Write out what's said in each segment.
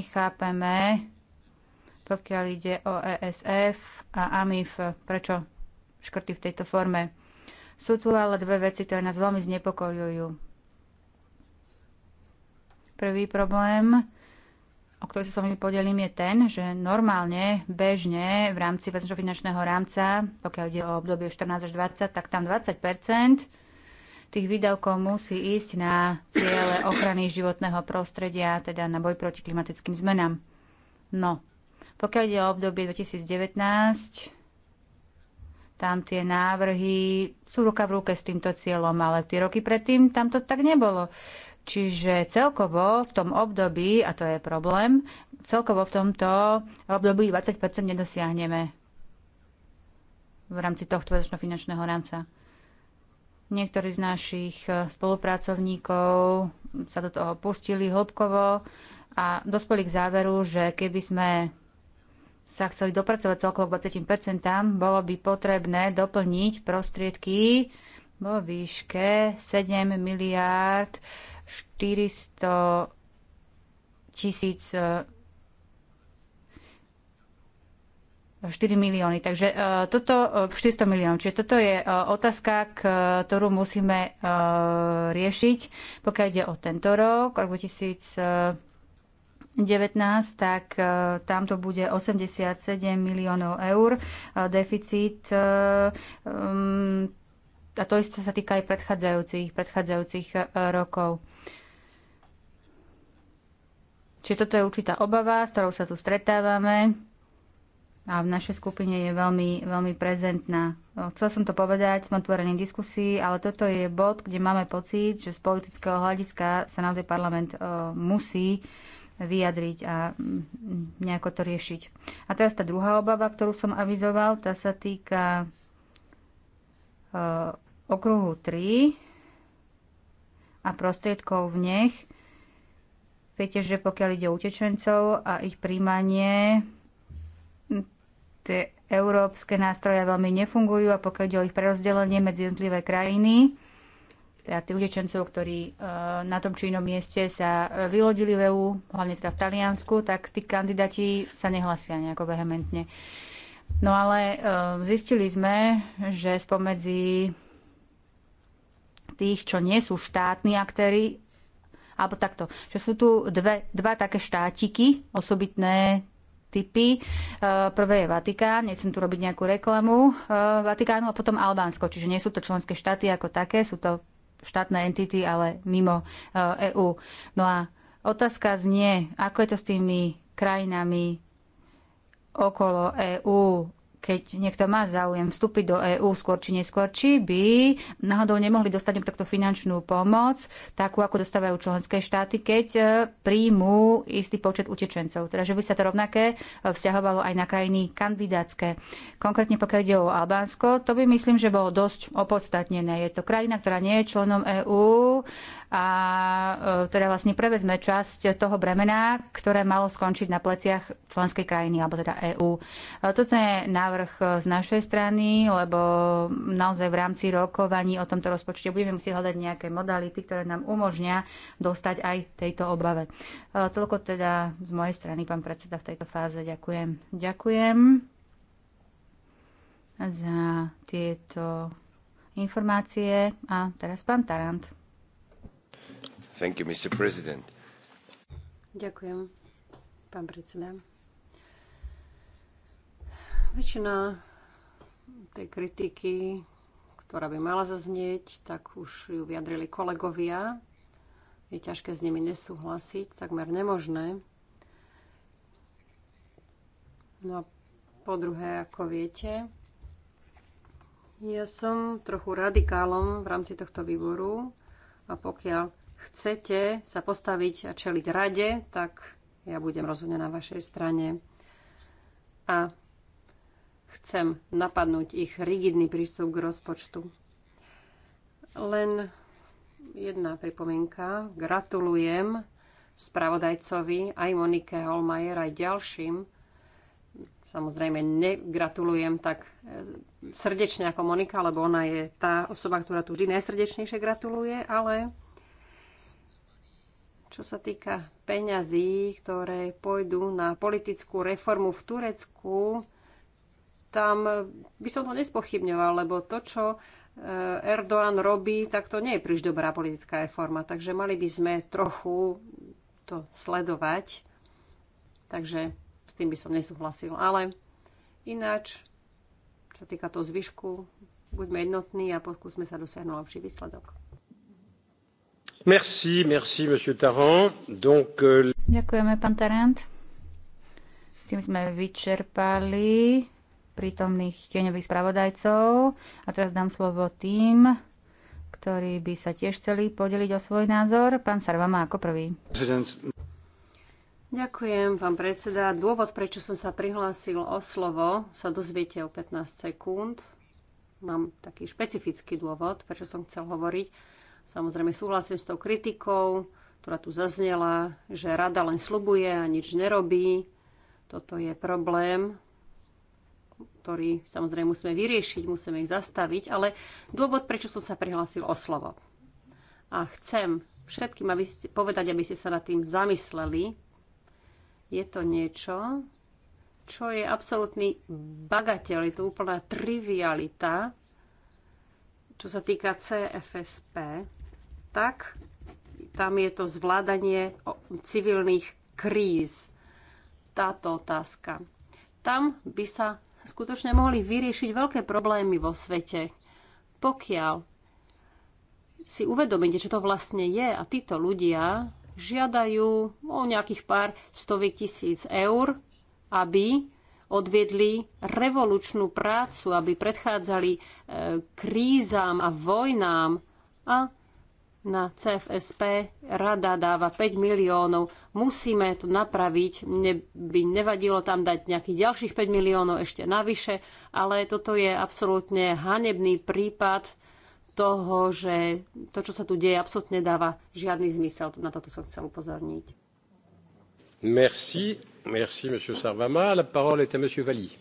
nechápeme, chápeme, pokiaľ ide o ESF a AMIF, prečo škrty v tejto forme. Sú tu ale dve veci, ktoré nás veľmi znepokojujú. Prvý problém, o ktorý sa s vami podelím, je ten, že normálne, bežne v rámci finančného rámca, pokiaľ ide o obdobie 14 až 20, tak tam 20 tých výdavkov musí ísť na ciele ochrany životného prostredia, teda na boj proti klimatickým zmenám. No, pokiaľ ide o obdobie 2019, tam tie návrhy sú ruka v ruke s týmto cieľom, ale tie roky predtým tam to tak nebolo. Čiže celkovo v tom období, a to je problém, celkovo v tomto období 20% nedosiahneme v rámci tohto finančného rámca. Niektorí z našich e, spolupracovníkov sa do toho pustili hĺbkovo a dospeli k záveru, že keby sme sa chceli dopracovať celkovo k 20%, bolo by potrebné doplniť prostriedky vo výške 7 miliárd 400 tisíc e, 4 milióny. Takže e, toto 400 e, miliónov. Čiže toto je e, otázka, ktorú musíme riešiť, pokiaľ ide o tento rok, rok 2019, tak tam to bude 87 miliónov eur deficit. A to isté sa týka aj predchádzajúcich, predchádzajúcich rokov. Čiže toto je určitá obava, s ktorou sa tu stretávame a v našej skupine je veľmi, veľmi prezentná. Chcel som to povedať, sme otvorení diskusii, ale toto je bod, kde máme pocit, že z politického hľadiska sa naozaj parlament musí vyjadriť a mm, nejako to riešiť. A teraz tá druhá obava, ktorú som avizoval, tá sa týka okruhu 3 a prostriedkov v nech. Viete, že pokiaľ ide o utečencov a ich príjmanie, tie európske nástroje veľmi nefungujú a pokiaľ ide o ich prerozdelenie medzi jednotlivé krajiny, teda tých utečencov, ktorí e, na tom či inom mieste sa e, vylodili v EU, hlavne teda v Taliansku, tak tí kandidáti sa nehlasia nejako vehementne. No ale e, zistili sme, že spomedzi tých, čo nie sú štátni aktéry, alebo takto, že sú tu dve, dva také štátiky osobitné, typy. E, prvé je Vatikán, nechcem tu robiť nejakú reklamu e, Vatikánu a potom Albánsko, čiže nie sú to členské štáty ako také, sú to štátne entity, ale mimo EÚ. E no a otázka znie, ako je to s tými krajinami okolo EÚ, keď niekto má záujem vstúpiť do EÚ skôr či neskôr, či by náhodou nemohli dostať takto finančnú pomoc, takú ako dostávajú členské štáty, keď e, príjmú istý počet utečencov. Teda, že by sa to rovnaké e, vzťahovalo aj na krajiny kandidátske. Konkrétne pokiaľ ide o Albánsko, to by myslím, že bolo dosť opodstatnené. Je to krajina, ktorá nie je členom EÚ, a e, teda vlastne prevezme časť toho bremena, ktoré malo skončiť na pleciach členskej krajiny, alebo teda EÚ. E, toto je návrh e, z našej strany, lebo naozaj v rámci rokovaní o tomto rozpočte budeme musieť hľadať nejaké modality, ktoré nám umožnia dostať aj tejto obave. Toľko teda z mojej strany, pán predseda, v tejto fáze. Ďakujem. Ďakujem za tieto informácie. A teraz pán Tarant. Ďakujem, pán predseda. Väčšina tej kritiky, ktorá by mala zaznieť, tak už ju vyjadrili kolegovia. Je ťažké s nimi nesúhlasiť, takmer nemožné. No a po druhé, ako viete, ja som trochu radikálom v rámci tohto výboru a pokiaľ chcete sa postaviť a čeliť rade, tak ja budem rozhodne na vašej strane. A chcem napadnúť ich rigidný prístup k rozpočtu. Len jedna pripomienka. Gratulujem spravodajcovi, aj Monike Holmajer, aj ďalším. Samozrejme, negratulujem tak eh, srdečne ako Monika, lebo ona je tá osoba, ktorá tu vždy najsrdečnejšie gratuluje, ale čo sa týka peňazí, ktoré pôjdu na politickú reformu v Turecku, tam by som to nespochybňoval, lebo to, čo eh, Erdoğan robí, tak to nie je príliš dobrá politická reforma. Takže mali by sme trochu to sledovať. Takže s tým by som nesúhlasil. Ale ináč, čo týka toho zvyšku, buďme jednotní a pokúsme sa dosiahnuť lepší výsledok. Euh, Ďakujeme, pán tarand Tým sme vyčerpali prítomných tieňových spravodajcov. A teraz dám slovo tým, ktorí by sa tiež chceli podeliť o svoj názor. Pán Sarvama ako prvý. Ďakujem, pán predseda. Dôvod, prečo som sa prihlásil o slovo, sa dozviete o 15 sekúnd. Mám taký špecifický dôvod, prečo som chcel hovoriť. Samozrejme súhlasím s tou kritikou, ktorá tu zaznela, že rada len slubuje a nič nerobí. Toto je problém, ktorý samozrejme musíme vyriešiť, musíme ich zastaviť, ale dôvod, prečo som sa prihlásil o slovo. A chcem všetkým aby ste, povedať, aby ste sa nad tým zamysleli. Je to niečo, čo je absolútny bagateľ, je to úplná trivialita, čo sa týka CFSP, tak tam je to zvládanie civilných kríz. Táto otázka. Tam by sa skutočne mohli vyriešiť veľké problémy vo svete, pokiaľ si uvedomíte, čo to vlastne je a títo ľudia žiadajú o nejakých pár stoviek tisíc eur, aby odviedli revolučnú prácu, aby predchádzali e, krízam a vojnám a na CFSP rada dáva 5 miliónov. Musíme to napraviť. Mne by nevadilo tam dať nejakých ďalších 5 miliónov ešte navyše, ale toto je absolútne hanebný prípad toho, že to, čo sa tu deje, absolútne dáva žiadny zmysel. Na toto som chcel upozorniť. Merci, merci, monsieur Sarvama. La parole est à monsieur Valli.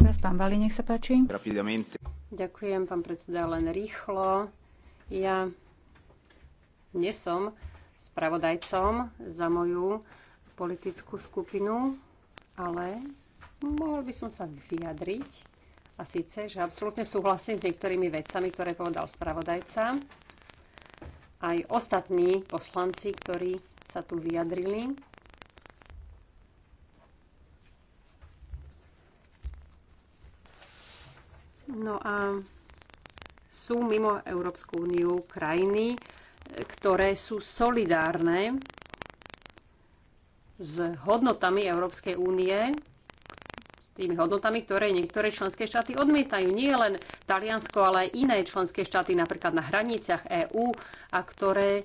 Teraz pán Valli, nech sa páči. Rapidamente. Ďakujem, pán predseda, len rýchlo. Ja dnes som spravodajcom za moju politickú skupinu, ale mohol by som sa vyjadriť a síce, že absolútne súhlasím s niektorými vecami, ktoré povedal spravodajca. Aj ostatní poslanci, ktorí sa tu vyjadrili. No a sú mimo Európsku úniu krajiny, ktoré sú solidárne s hodnotami Európskej únie, s tými hodnotami, ktoré niektoré členské štáty odmietajú. Nie len Taliansko, ale aj iné členské štáty, napríklad na hraniciach EÚ, a ktoré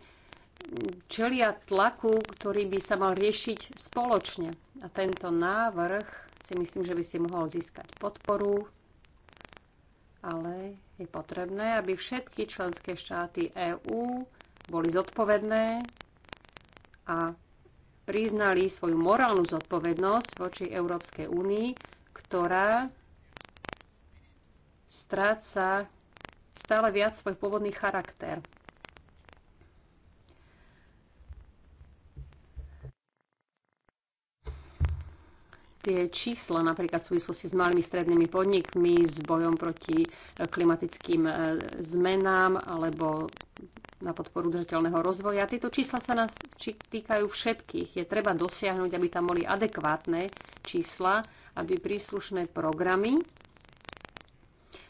čelia tlaku, ktorý by sa mal riešiť spoločne. A tento návrh si myslím, že by si mohol získať podporu, ale je potrebné, aby všetky členské štáty EÚ boli zodpovedné a priznali svoju morálnu zodpovednosť voči Európskej únii, ktorá stráca stále viac svoj pôvodný charakter. tie čísla napríklad v súvislosti s malými strednými podnikmi, s bojom proti klimatickým eh, zmenám alebo na podporu udržateľného rozvoja. Tieto čísla sa nás týkajú všetkých. Je treba dosiahnuť, aby tam boli adekvátne čísla, aby príslušné programy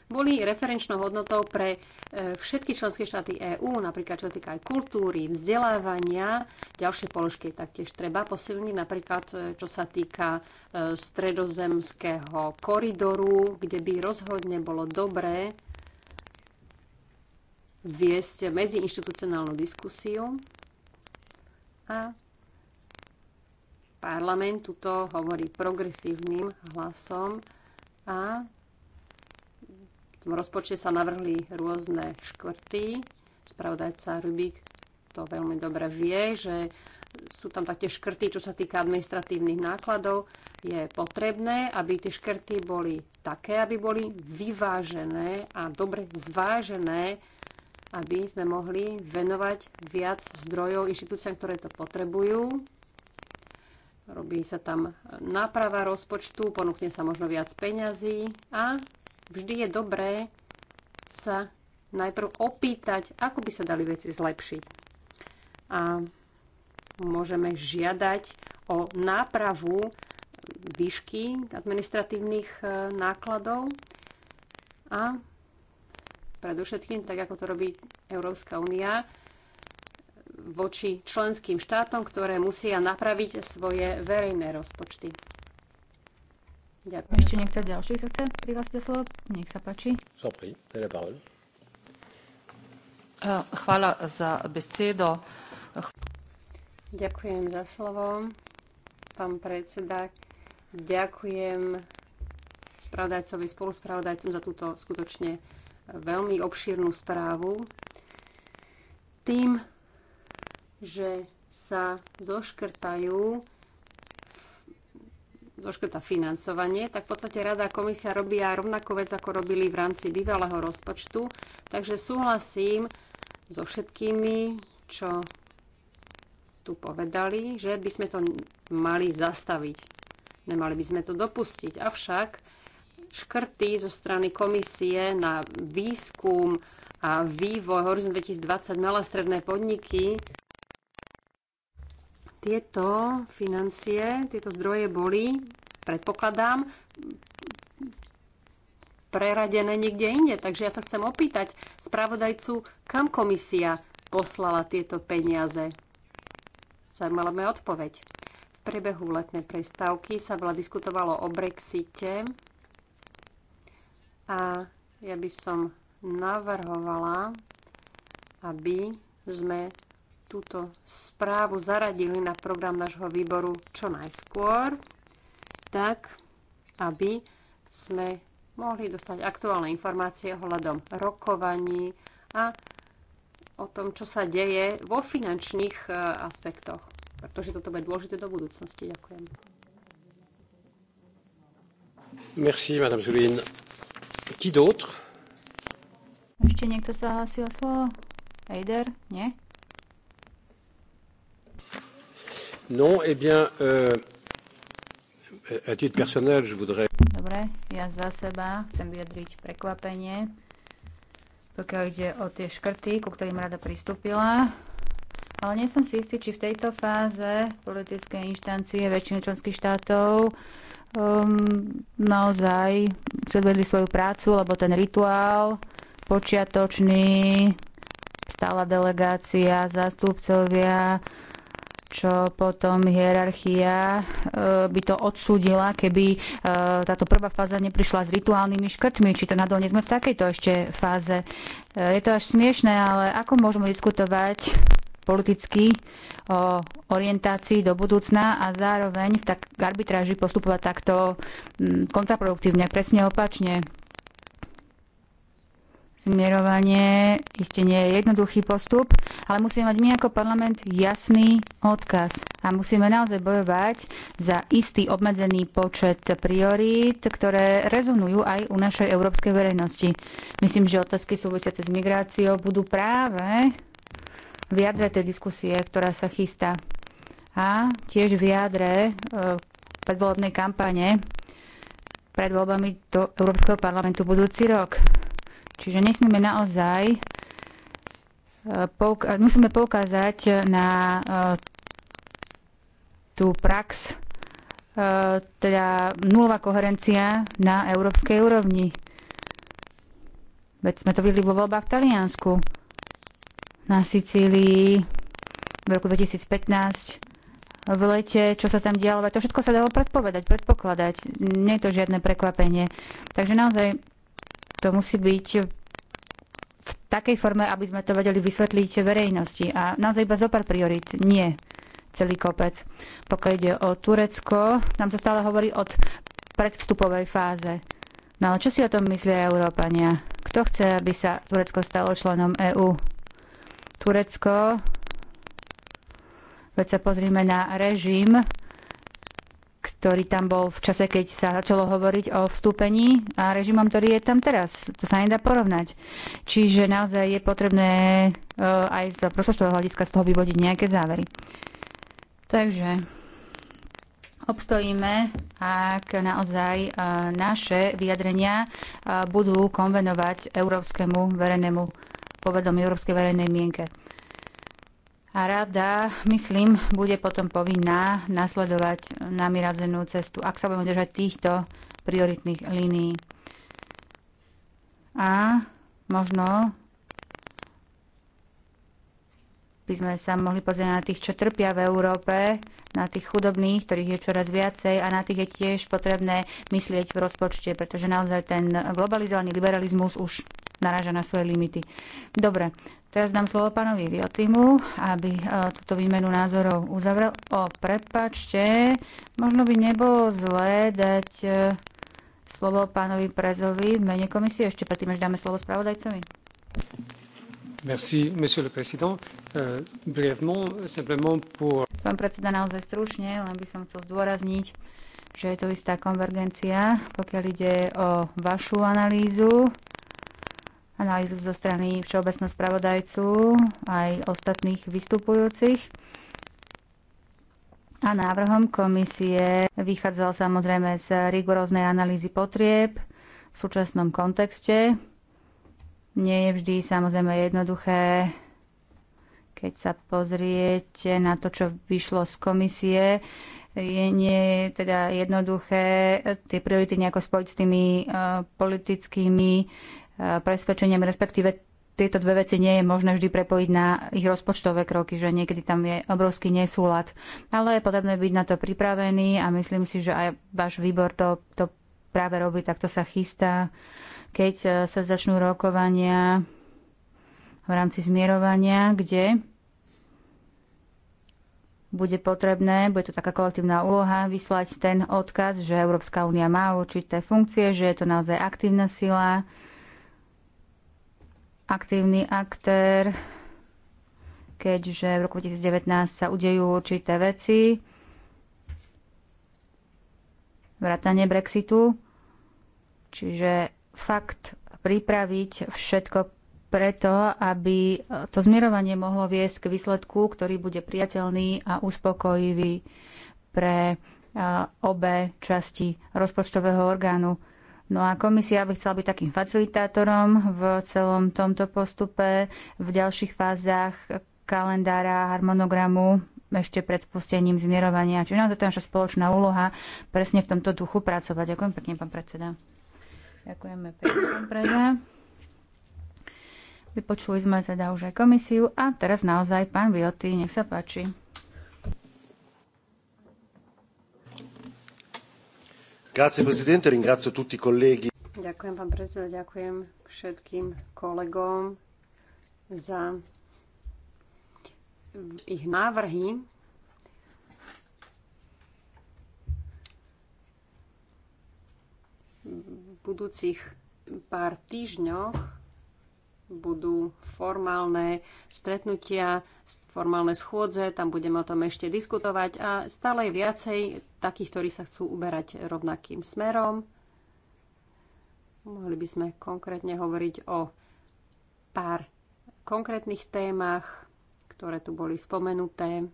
boli referenčnou hodnotou pre e, všetky členské štáty EÚ, napríklad čo týka aj kultúry, vzdelávania. Ďalšie položky taktiež treba posilniť, napríklad e, čo sa týka e, stredozemského koridoru, kde by rozhodne bolo dobré viesť medziinštitucionálnu diskusiu a parlament tuto hovorí progresívnym hlasom a v tom rozpočte sa navrhli rôzne škrty. Spravodajca Rubik to veľmi dobre vie, že sú tam také škrty, čo sa týka administratívnych nákladov. Je potrebné, aby tie škrty boli také, aby boli vyvážené a dobre zvážené aby sme mohli venovať viac zdrojov inštitúciám, ktoré to potrebujú. Robí sa tam náprava rozpočtu, ponúkne sa možno viac peňazí a vždy je dobré sa najprv opýtať, ako by sa dali veci zlepšiť. A môžeme žiadať o nápravu výšky administratívnych eh, nákladov a predovšetkým, tak ako to robí Európska únia, voči členským štátom, ktoré musia napraviť svoje verejné rozpočty. Ďakujem. Ešte niekto ďalší sa chce prihlásiť slovo? Nech sa páči. Sopri, Pavel. Eh, za besedo. Ďakujem za slovo, pán predseda. Ďakujem spravodajcovi, spoluspravodajcom za túto skutočne veľmi obšírnu správu tým, že sa zoškrtajú zoškrta financovanie, tak v podstate Rada a komisia robia rovnakú vec, ako robili v rámci bývalého rozpočtu. Takže súhlasím so všetkými, čo tu povedali, že by sme to mali zastaviť. Nemali by sme to dopustiť. Avšak škrty zo strany komisie na výskum a vývoj Horizon 2020 malé stredné podniky. Tieto financie, tieto zdroje boli, predpokladám, preradené niekde inde. Takže ja sa chcem opýtať spravodajcu, kam komisia poslala tieto peniaze. Zaujímala ma odpoveď V priebehu letnej prestávky sa veľa diskutovalo o Brexite a ja by som navrhovala, aby sme túto správu zaradili na program nášho výboru čo najskôr, tak aby sme mohli dostať aktuálne informácie ohľadom rokovaní a o tom, čo sa deje vo finančných e, aspektoch. Pretože toto bude dôležité do budúcnosti. Ďakujem. Merci, Madame Zulín. Qui d'autre? Ešte niekto sa hlásil slovo? Ejder? Nie? Non, eh bien, euh, à titre personnel, je voudrais... Dobre, ja za seba chcem vyjadriť prekvapenie, pokiaľ ide o tie škrty, ku ktorým rada pristúpila. Ale nie som si istý, či v tejto fáze politické inštancie väčšiny členských štátov um, naozaj si svoju prácu, lebo ten rituál počiatočný, stála delegácia, zástupcovia, čo potom hierarchia eh, by to odsúdila, keby eh, táto prvá fáza neprišla s rituálnymi škrtmi, či to nadolne sme v takejto ešte fáze. Eh, je to až smiešné, ale ako môžeme diskutovať politicky o orientácii do budúcna a zároveň v tak arbitráži postupovať takto mm, kontraproduktívne, presne opačne. Smerovanie iste nie je jednoduchý postup, ale musíme mať my ako parlament jasný odkaz a musíme naozaj bojovať za istý obmedzený počet priorít, ktoré rezonujú aj u našej európskej verejnosti. Myslím, že otázky súvisiace s migráciou budú práve v jadre tej diskusie, ktorá sa chystá. A tiež v jadre e, predvolebnej kampane pred voľbami do Európskeho parlamentu budúci rok. Čiže nesmíme naozaj e, musíme poukázať na e, tú prax, teda nulová koherencia na európskej úrovni. Veď sme to videli vo voľbách v Taliansku na Sicílii v roku 2015 v lete, čo sa tam dialo, to všetko sa dalo predpovedať, predpokladať. Nie je to žiadne prekvapenie. Takže naozaj to musí byť v takej forme, aby sme to vedeli vysvetliť verejnosti. A naozaj iba zopár priorit. Nie celý kopec. Pokiaľ ide o Turecko, tam sa stále hovorí od predvstupovej fáze. No ale čo si o tom myslia Európania? Kto chce, aby sa Turecko stalo členom EÚ? Turecko, veď sa pozrieme na režim, ktorý tam bol v čase, keď sa začalo hovoriť o vstúpení a režimom, ktorý je tam teraz. To sa nedá porovnať. Čiže naozaj je potrebné eh, aj z rozpočtového hľadiska z toho vyvodiť nejaké závery. Takže obstojíme, ak naozaj eh, naše vyjadrenia eh, budú konvenovať európskemu verejnému povedomí európskej verejnej mienke. A rada, myslím, bude potom povinná nasledovať namiradzenú cestu, ak sa budeme držať týchto prioritných línií. A možno by sme sa mohli pozrieť na tých, čo trpia v Európe, na tých chudobných, ktorých je čoraz viacej a na tých je tiež potrebné myslieť v rozpočte, pretože naozaj ten globalizovaný liberalizmus už naráža na svoje limity. Dobre, teraz dám slovo pánovi Viotimu, aby e, túto výmenu názorov uzavrel. O, prepačte, možno by nebolo zlé dať e, slovo pánovi Prezovi v mene komisie, ešte predtým, až dáme slovo spravodajcovi. Merci, monsieur le président. Uh, brièvement, simplement pour... Pán predseda, naozaj stručne, len by som chcel zdôrazniť, že je to istá konvergencia, pokiaľ ide o vašu analýzu analýzu zo strany Všeobecného spravodajcu aj ostatných vystupujúcich. A návrhom komisie vychádzal samozrejme z rigoróznej analýzy potrieb v súčasnom kontexte. Nie je vždy samozrejme jednoduché, keď sa pozriete na to, čo vyšlo z komisie, je nie teda jednoduché tie priority nejako spojiť s tými uh, politickými uh, presvedčeniem, respektíve tieto dve veci nie je možné vždy prepojiť na ich rozpočtové kroky, že niekedy tam je obrovský nesúlad. Ale je potrebné byť na to pripravený a myslím si, že aj váš výbor to, to práve robí, tak to sa chystá. Keď e, sa začnú rokovania v rámci zmierovania, kde bude potrebné, bude to taká kolektívna úloha, vyslať ten odkaz, že Európska únia má určité funkcie, že je to naozaj aktívna sila, aktívny aktér, keďže v roku 2019 sa udejú určité veci, vrátanie Brexitu, čiže fakt pripraviť všetko preto, aby to zmierovanie mohlo viesť k výsledku, ktorý bude priateľný a uspokojivý pre obe časti rozpočtového orgánu. No a komisia by chcela byť takým facilitátorom v celom tomto postupe, v ďalších fázach kalendára, harmonogramu ešte pred spustením zmierovania. Čiže naozaj to je naša spoločná úloha presne v tomto duchu pracovať. Ďakujem pekne, pán predseda. Ďakujeme pekne, pán predseda. Vypočuli sme teda už aj komisiu a teraz naozaj pán Vioty, nech sa páči. Ďakujem, pán predseda, ďakujem všetkým kolegom za ich návrhy. V budúcich pár týždňoch budú formálne stretnutia, formálne schôdze, tam budeme o tom ešte diskutovať a stále viacej takých, ktorí sa chcú uberať rovnakým smerom. Mohli by sme konkrétne hovoriť o pár konkrétnych témach, ktoré tu boli spomenuté.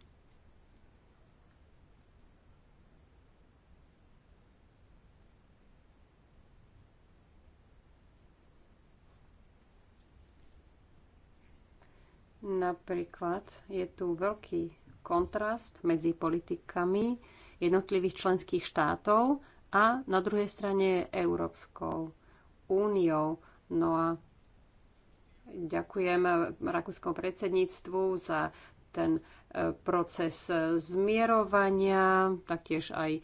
Napríklad je tu veľký kontrast medzi politikami jednotlivých členských štátov a na druhej strane Európskou úniou. No a ďakujem rakúskom predsedníctvu za ten e, proces e, zmierovania, taktiež aj e,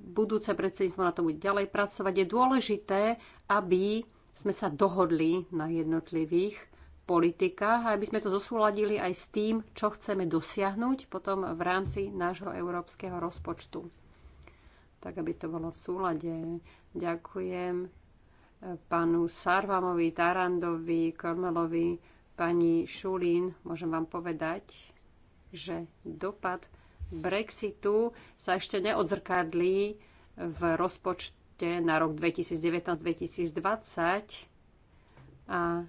budúce predsedníctvo na to bude ďalej pracovať. Je dôležité, aby sme sa dohodli na jednotlivých politikách a aby sme to zosúladili aj s tým, čo chceme dosiahnuť potom v rámci nášho európskeho rozpočtu. Tak, aby to bolo v súlade. Ďakujem eh, pánu Sarvamovi, Tarandovi, Kormelovi, pani Šulín. Môžem vám povedať, že dopad Brexitu sa ešte neodzrkadlí v rozpočte na rok 2019-2020 a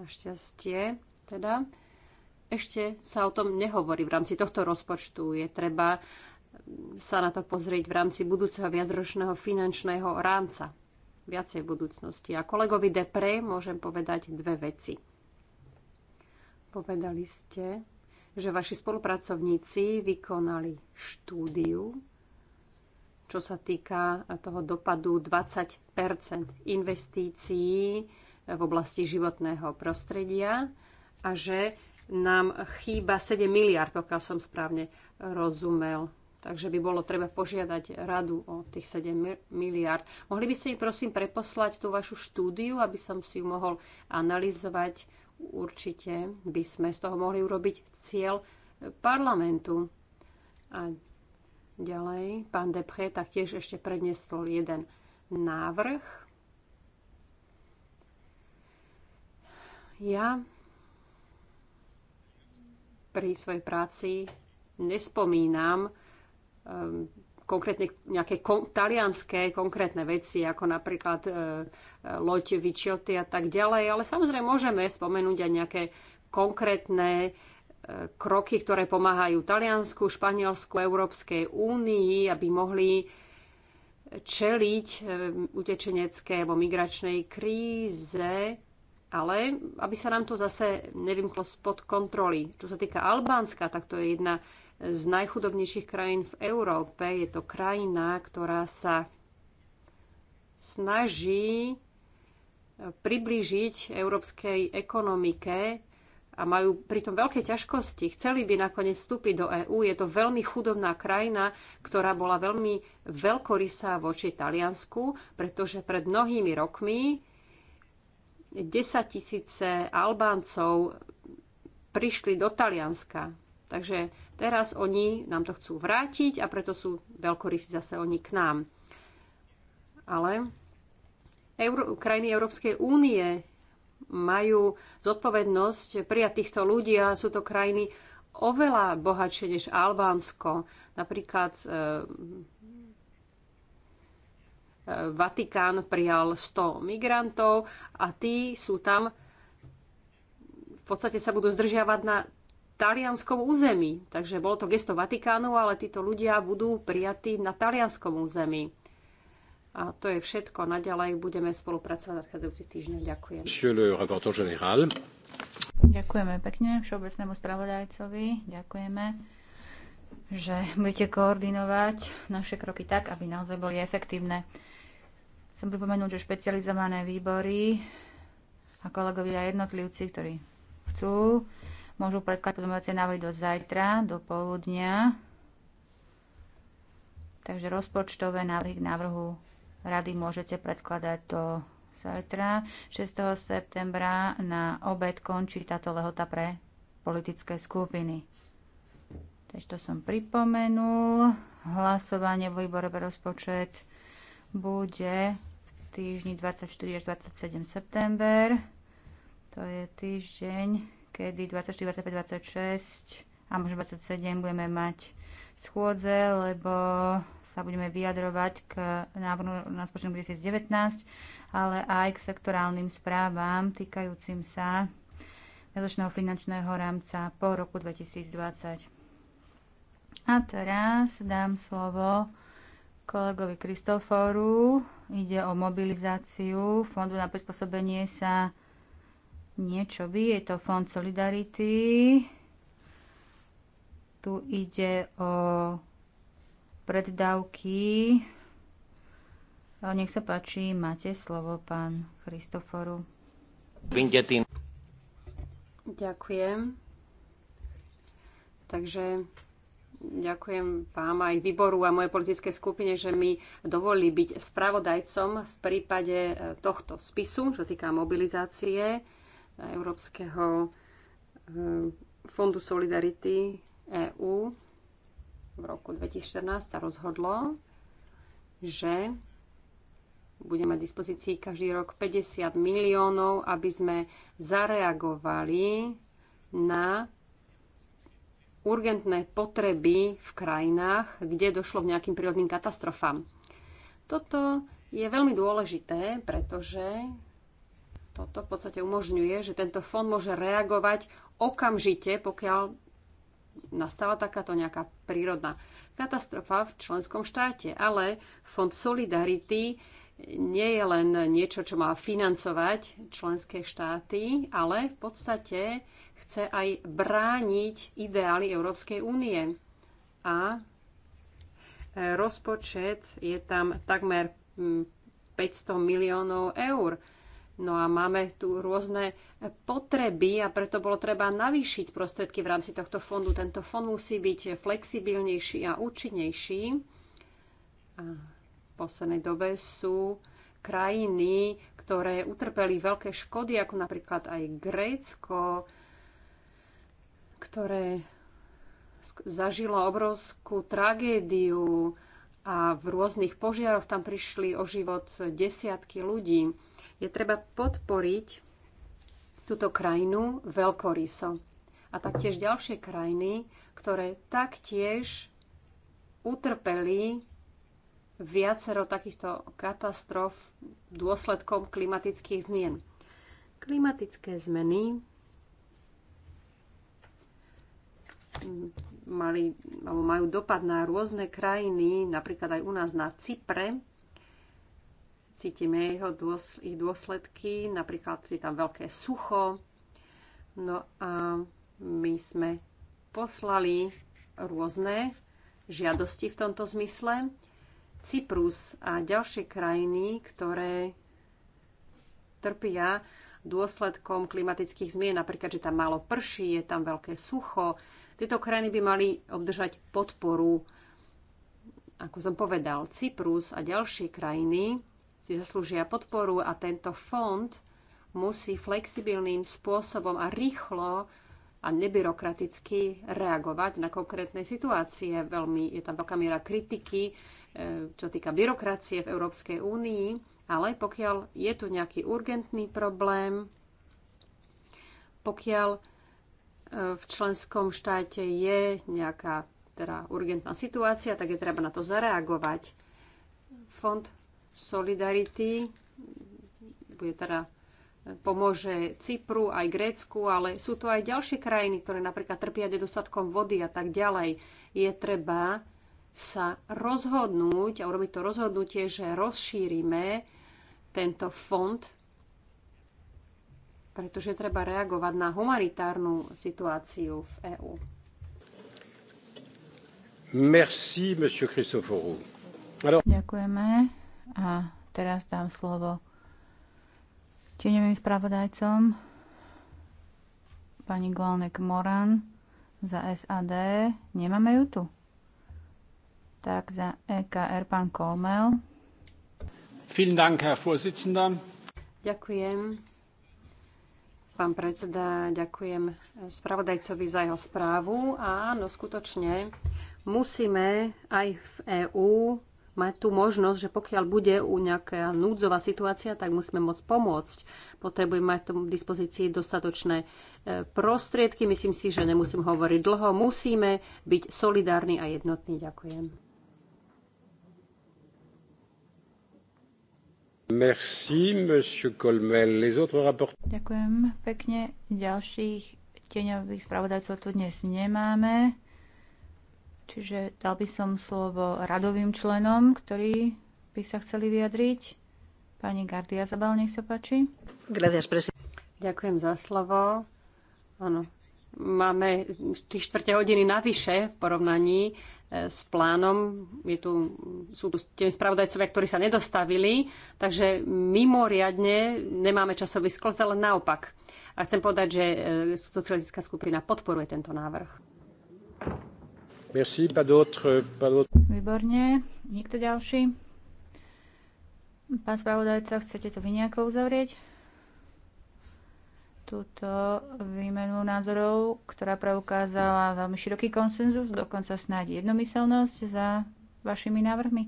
našťastie teda, ešte sa o tom nehovorí v rámci tohto rozpočtu. Je treba mm, sa na to pozrieť v rámci budúceho viacročného finančného rámca. Viacej budúcnosti. A kolegovi Depre môžem povedať dve veci. Povedali ste, že vaši spolupracovníci vykonali štúdiu, čo sa týka toho dopadu 20 investícií v oblasti životného prostredia a že nám chýba 7 miliard, pokiaľ som správne rozumel. Takže by bolo treba požiadať radu o tých 7 miliard. Mohli by ste mi prosím preposlať tú vašu štúdiu, aby som si ju mohol analyzovať. Určite by sme z toho mohli urobiť cieľ parlamentu. A ďalej, pán Depche taktiež ešte predniesol jeden návrh Ja pri svojej práci nespomínam um, konkrétne, nejaké kon, talianské konkrétne veci, ako napríklad e, e loď Vičioty a tak ďalej, ale samozrejme môžeme spomenúť aj nejaké konkrétne e, kroky, ktoré pomáhajú Taliansku, Španielsku, Európskej únii, aby mohli čeliť e, utečeneckej alebo migračnej kríze ale aby sa nám to zase nevymklo spod kontroly. Čo sa týka Albánska, tak to je jedna z najchudobnejších krajín v Európe. Je to krajina, ktorá sa snaží e, priblížiť európskej ekonomike a majú pritom veľké ťažkosti. Chceli by nakoniec vstúpiť do EÚ. Je to veľmi chudobná krajina, ktorá bola veľmi veľkorysá voči Taliansku, pretože pred mnohými rokmi 10 tisíce Albáncov prišli do Talianska. Takže teraz oni nám to chcú vrátiť a preto sú veľkorysi zase oni k nám. Ale Euró- krajiny Európskej únie majú zodpovednosť prijať týchto ľudí a sú to krajiny oveľa bohatšie než Albánsko. Napríklad e, Vatikán prijal 100 migrantov a tí sú tam, v podstate sa budú zdržiavať na talianskom území. Takže bolo to gesto Vatikánu, ale títo ľudia budú prijatí na talianskom území. A to je všetko. Naďalej budeme spolupracovať v nadchádzajúcich týždňoch. Ďakujem. Ďakujeme pekne všeobecnému spravodajcovi. Ďakujeme že budete koordinovať naše kroky tak, aby naozaj boli efektívne. Chcem pripomenúť, že špecializované výbory a kolegovia jednotlivci, ktorí chcú, môžu predkladať pozmeňovacie návrhy do zajtra, do poludnia. Takže rozpočtové návrhy k návrhu rady môžete predkladať do zajtra. 6. septembra na obed končí táto lehota pre politické skupiny. Takže to som pripomenul. Hlasovanie v výbore pre rozpočet bude týždni 24 až 27 september. To je týždeň, kedy 24, 25, 26 a možno 27 budeme mať schôdze, lebo sa budeme vyjadrovať k návrhu na spočinu 2019, ale aj k sektorálnym správam týkajúcim sa mesačného finančného rámca po roku 2020. A teraz dám slovo kolegovi Kristoforu. Ide o mobilizáciu Fondu na prispôsobenie sa by. Je to Fond Solidarity. Tu ide o preddavky. Nech sa páči, máte slovo, pán Kristoforu. Ďakujem. Takže Ďakujem vám aj výboru a mojej politickej skupine, že mi dovolili byť spravodajcom v prípade e, tohto spisu, čo týka mobilizácie e, Európskeho e, fondu Solidarity EÚ v roku 2014 sa rozhodlo, že budeme mať dispozícii každý rok 50 miliónov, aby sme zareagovali na urgentné potreby v krajinách, kde došlo k nejakým prírodným katastrofám. Toto je veľmi dôležité, pretože toto v podstate umožňuje, že tento fond môže reagovať okamžite, pokiaľ nastala takáto nejaká prírodná katastrofa v členskom štáte. Ale fond Solidarity nie je len niečo, čo má financovať členské štáty, ale v podstate chce aj brániť ideály Európskej únie. A e, rozpočet je tam takmer 500 mm, miliónov eur. No a máme tu rôzne potreby a preto bolo treba navýšiť prostredky v rámci tohto fondu. Tento fond musí byť flexibilnejší a účinnejší. A v poslednej dobe sú krajiny, ktoré utrpeli veľké škody, ako napríklad aj Grécko, ktoré zažilo obrovskú tragédiu a v rôznych požiaroch tam prišli o život desiatky ľudí. Je treba podporiť túto krajinu veľkoryso. A taktiež ďalšie krajiny, ktoré taktiež utrpeli viacero takýchto katastrof dôsledkom klimatických zmien. Klimatické zmeny mali, alebo majú dopad na rôzne krajiny, napríklad aj u nás na Cypre. Cítime jeho dôs- ich dôsledky, napríklad je tam veľké sucho. No a my sme poslali rôzne žiadosti v tomto zmysle. Cyprus a ďalšie krajiny, ktoré trpia dôsledkom klimatických zmien, napríklad, že tam málo prší, je tam veľké sucho, tieto krajiny by mali obdržať podporu. Ako som povedal, Cyprus a ďalšie krajiny si zaslúžia podporu a tento fond musí flexibilným spôsobom a rýchlo a nebyrokraticky reagovať na konkrétne situácie. Veľmi je tam veľká miera kritiky, e, čo týka byrokracie v Európskej únii, ale pokiaľ je tu nejaký urgentný problém, pokiaľ v členskom štáte je nejaká teda urgentná situácia, tak je treba na to zareagovať. Fond Solidarity bude teda pomôže Cypru, aj Grécku, ale sú to aj ďalšie krajiny, ktoré napríklad trpia nedostatkom vody a tak ďalej. Je treba sa rozhodnúť a urobiť to rozhodnutie, že rozšírime tento fond pretože treba reagovať na humanitárnu situáciu v EÚ. Merci, monsieur Alors... Ďakujeme a teraz dám slovo tieňovým spravodajcom pani Glonek Moran za SAD. Nemáme ju tu. Tak za EKR pán Kolmel. Vielen Dank, Herr Vorsitzender. Ďakujem, Pán predseda, ďakujem spravodajcovi za jeho správu. Áno, skutočne musíme aj v EÚ mať tú možnosť, že pokiaľ bude u nejaká núdzová situácia, tak musíme môcť pomôcť. Potrebujeme mať tomu v dispozícii dostatočné e, prostriedky. Myslím si, že nemusím hovoriť dlho. Musíme byť solidárni a jednotní. Ďakujem. Merci, monsieur Colmel. Les autres Ďakujem pekne. Ďalších tieňových spravodajcov tu dnes nemáme. Čiže dal by som slovo radovým členom, ktorí by sa chceli vyjadriť. Pani Gardia Zabal, nech sa páči. Gracias, Ďakujem za slovo. Áno, máme tých čtvrte hodiny navyše v porovnaní e, s plánom. Je tu, sú tu tie spravodajcovia, ktorí sa nedostavili, takže mimoriadne nemáme časový sklz, ale naopak. A chcem povedať, že e, socialistická skupina podporuje tento návrh. Merci, pas d'autres, pas d'autres. Výborne. Nikto ďalší? Pán spravodajca, chcete to vy nejako uzavrieť? túto výmenu názorov, ktorá preukázala veľmi široký konsenzus, dokonca snáď jednomyselnosť za vašimi návrhmi.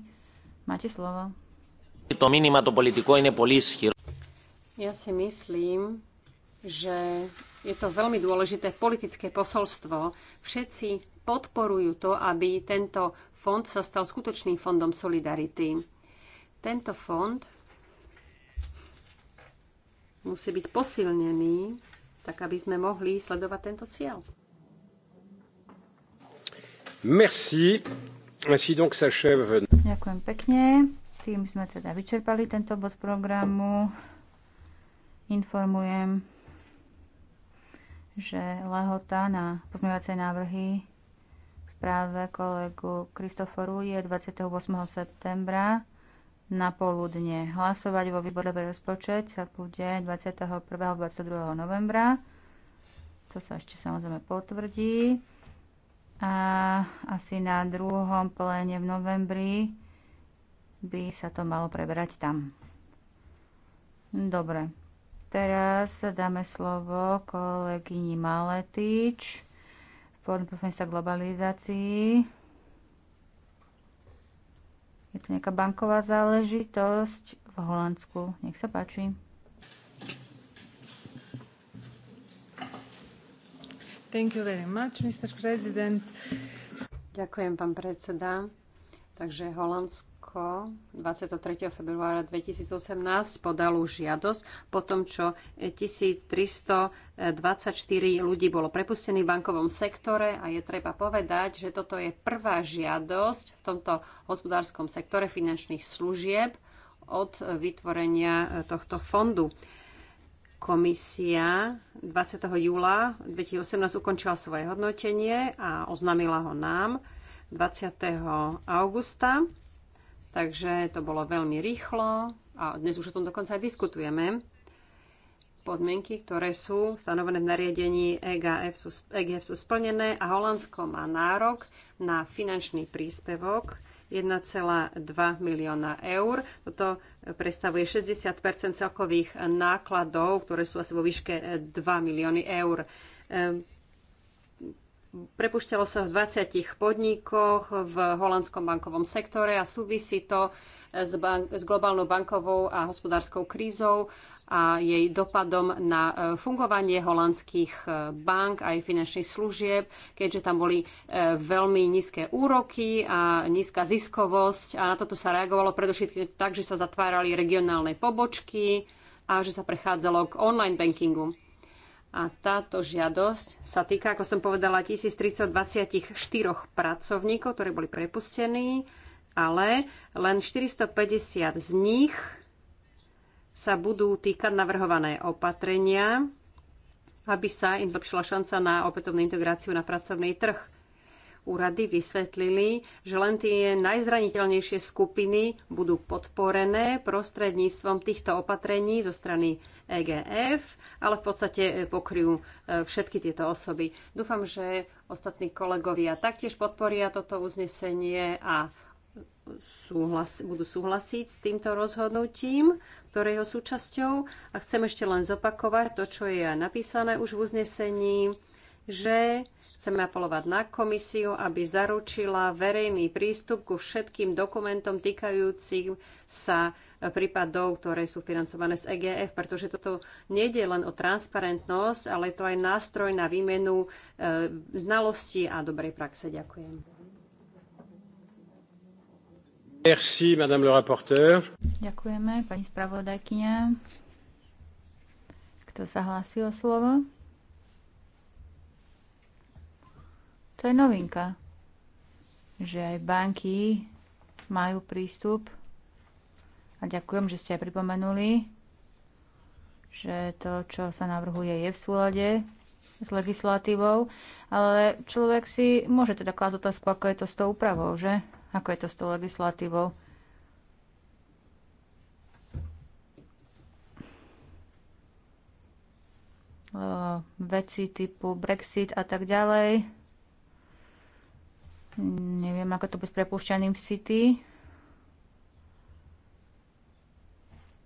Máte slovo. To minima to politiko je Ja si myslím, že je to veľmi dôležité politické posolstvo. Všetci podporujú to, aby tento fond sa stal skutočným fondom solidarity. Tento fond musí byť posilnený, tak aby sme mohli sledovať tento cieľ. Merci. Merci donc s'achève. Ďakujem pekne. Tým sme teda vyčerpali tento bod programu. Informujem, že lehota na pozmeňovacie návrhy správe kolegu Kristoforu je 28. septembra na poludne. Hlasovať vo výbore pre rozpočet sa bude 21. 22. novembra. To sa ešte samozrejme potvrdí. A asi na druhom pléne v novembri by sa to malo preberať tam. Dobre. Teraz dáme slovo kolegyni Maletič, podprofesorka globalizácii. Je to nejaká banková záležitosť v Holandsku. Nech sa páči. Thank you very much, Mr. President. Ďakujem, pán predseda. Takže Holandsko Rusko 23. februára 2018 podalo žiadosť po tom, čo 1324 ľudí bolo prepustených v bankovom sektore a je treba povedať, že toto je prvá žiadosť v tomto hospodárskom sektore finančných služieb od vytvorenia e, tohto fondu komisia 20. júla 2018 ukončila svoje hodnotenie a oznámila ho nám 20. augusta. Takže to bolo veľmi rýchlo a dnes už o tom dokonca aj diskutujeme. Podmienky, ktoré sú stanovené v nariadení EGF sú, EGF sú splnené a Holandsko má nárok na finančný príspevok 1,2 milióna eur. Toto predstavuje 60 celkových nákladov, ktoré sú asi vo výške 2 milióny eur. Ehm, Prepušťalo sa v 20 podnikoch v holandskom bankovom sektore a súvisí to s, bank- s globálnou bankovou a hospodárskou krízou a jej dopadom na e, fungovanie holandských e, bank aj finančných služieb, keďže tam boli e, veľmi nízke úroky a nízka ziskovosť a na toto sa reagovalo predovšetkým tak, že sa zatvárali regionálne pobočky a že sa prechádzalo k online bankingu. A táto žiadosť sa týka, ako som povedala, 1324 pracovníkov, ktorí boli prepustení, ale len 450 z nich sa budú týkať navrhované opatrenia, aby sa im zlepšila šanca na opätovnú integráciu na pracovný trh úrady vysvetlili, že len tie najzraniteľnejšie skupiny budú podporené prostredníctvom týchto opatrení zo strany EGF, ale v podstate e, pokryjú e, všetky tieto osoby. Dúfam, že ostatní kolegovia taktiež podporia toto uznesenie a súhlas, budú súhlasiť s týmto rozhodnutím, ktoré je súčasťou. A chcem ešte len zopakovať to, čo je napísané už v uznesení, že Chceme apelovať na komisiu, aby zaručila verejný prístup ku všetkým dokumentom týkajúcim sa prípadov, ktoré sú financované z EGF, pretože toto nejde len o transparentnosť, ale je to aj nástroj na výmenu e, znalostí a dobrej praxe. Ďakujem. Merci, madame le rapporteur. Ďakujeme, pani spravodajkyňa. Kto sa hlási o slovo? To je novinka, že aj banky majú prístup. A ďakujem, že ste aj pripomenuli, že to, čo sa navrhuje, je v súlade s legislatívou, ale človek si môže teda klásť otázku, ako je to s tou úpravou, že? Ako je to s tou legislatívou? veci typu Brexit a tak ďalej Neviem, ako to bude s prepúšťaným v City.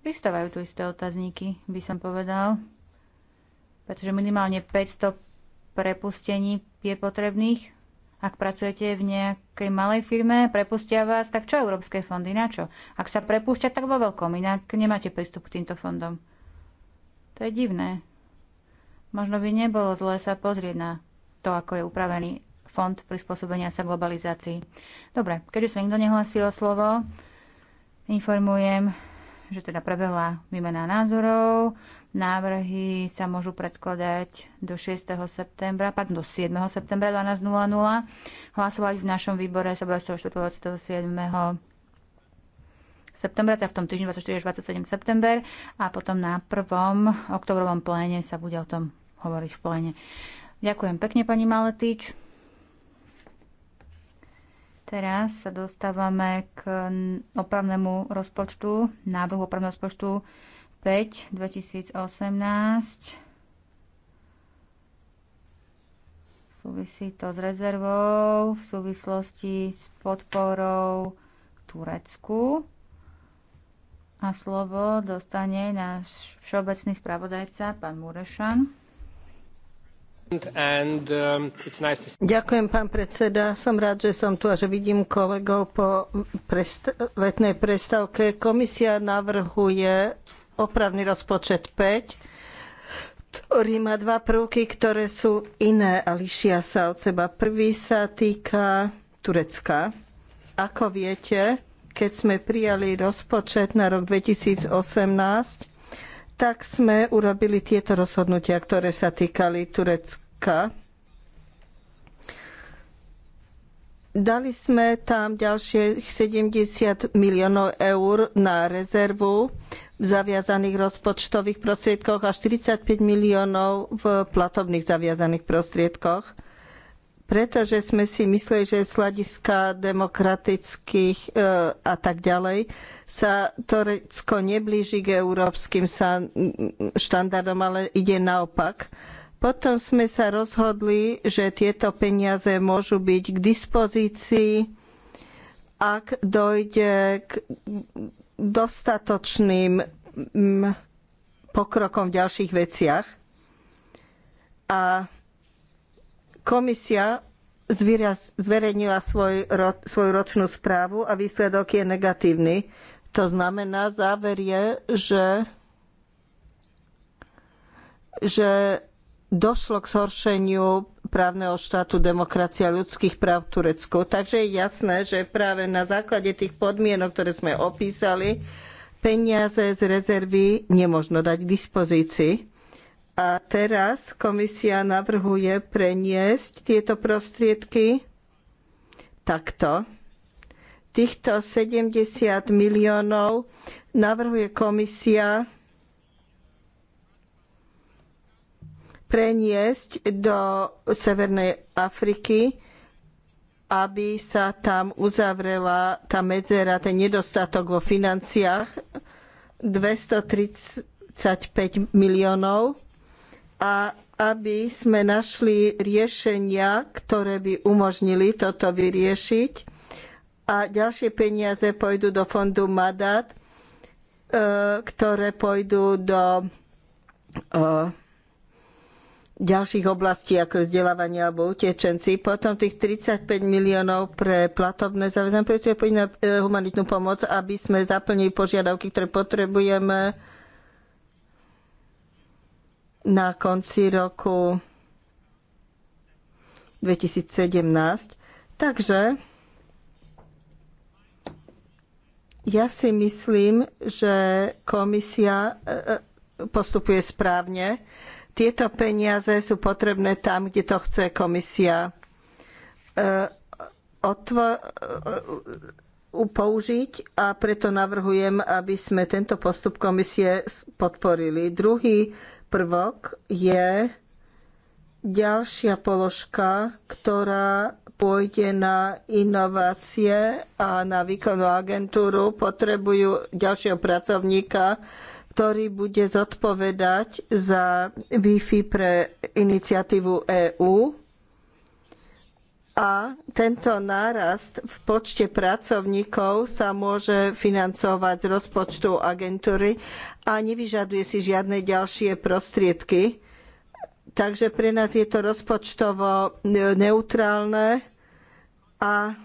Vystávajú tu isté otázníky, by som povedal. Pretože minimálne 500 prepustení je potrebných. Ak pracujete v nejakej malej firme, prepustia vás, tak čo európske fondy, na čo? Ak sa prepúšťa, tak vo veľkom, inak nemáte prístup k týmto fondom. To je divné. Možno by nebolo zlé sa pozrieť na to, ako je upravený fond prispôsobenia sa globalizácii. Dobre, keďže sa nikto nehlasí o slovo, informujem, že teda prebehla výmena názorov. Návrhy sa môžu predkladať do 6. septembra, pardon, do 7. septembra 12.00. Hlasovať v našom výbore sa bude 27. septembra, teda v tom týždni 24 až 27 september a potom na prvom oktobrovom pléne sa bude o tom hovoriť v pléne. Ďakujem pekne, pani Maletič. Teraz sa dostávame k opravnému rozpočtu, návrhu opravného rozpočtu 5 2018 súvisí to s rezervou v súvislosti s podporou Turecku. A slovo dostane náš všeobecný spravodajca, pán Murešan. Um, Ďakujem, pán predseda. Som rád, že som tu a že vidím kolegov po prest- letnej prestávke. Komisia navrhuje opravný rozpočet 5, ktorý má dva prvky, ktoré sú iné a lišia sa od seba. Prvý sa týka Turecka. Ako viete, keď sme prijali rozpočet na rok 2018, tak sme urobili tieto rozhodnutia, ktoré sa týkali Turecka. Dali sme tam ďalšie 70 miliónov eur na rezervu v zaviazaných rozpočtových prostriedkoch a 45 miliónov v platobných zaviazaných prostriedkoch pretože sme si mysleli, že z hľadiska demokratických e, a tak ďalej sa Turecko neblíži k európskym štandardom, ale ide naopak. Potom sme sa rozhodli, že tieto peniaze môžu byť k dispozícii, ak dojde k dostatočným pokrokom v ďalších veciach. A Komisia zverejnila svoj, svoju ročnú správu a výsledok je negatívny. To znamená, záver je, že, že došlo k zhoršeniu právneho štátu demokracia ľudských práv v Turecku. Takže je jasné, že práve na základe tých podmienok, ktoré sme opísali, peniaze z rezervy nemožno dať k dispozícii. A teraz komisia navrhuje preniesť tieto prostriedky takto. Týchto 70 miliónov navrhuje komisia preniesť do Severnej Afriky, aby sa tam uzavrela tá medzera, ten nedostatok vo financiách 235 miliónov a aby sme našli riešenia, ktoré by umožnili toto vyriešiť. A ďalšie peniaze pôjdu do fondu Madat, e, ktoré pôjdu do e, ďalších oblastí ako vzdelávanie alebo utečenci. Potom tých 35 miliónov pre platobné záväzné pôjde na humanitnú pomoc, aby sme zaplnili požiadavky, ktoré potrebujeme na konci roku 2017. Takže ja si myslím, že komisia e, e, postupuje správne. Tieto peniaze sú potrebné tam, kde to chce komisia e, použiť a preto navrhujem, aby sme tento postup komisie podporili. Druhý prvok je ďalšia položka, ktorá pôjde na inovácie a na výkonnú agentúru. Potrebujú ďalšieho pracovníka, ktorý bude zodpovedať za Wi-Fi pre iniciatívu EÚ a tento nárast v počte pracovníkov sa môže financovať z rozpočtu agentúry a nevyžaduje si žiadne ďalšie prostriedky. Takže pre nás je to rozpočtovo neutrálne a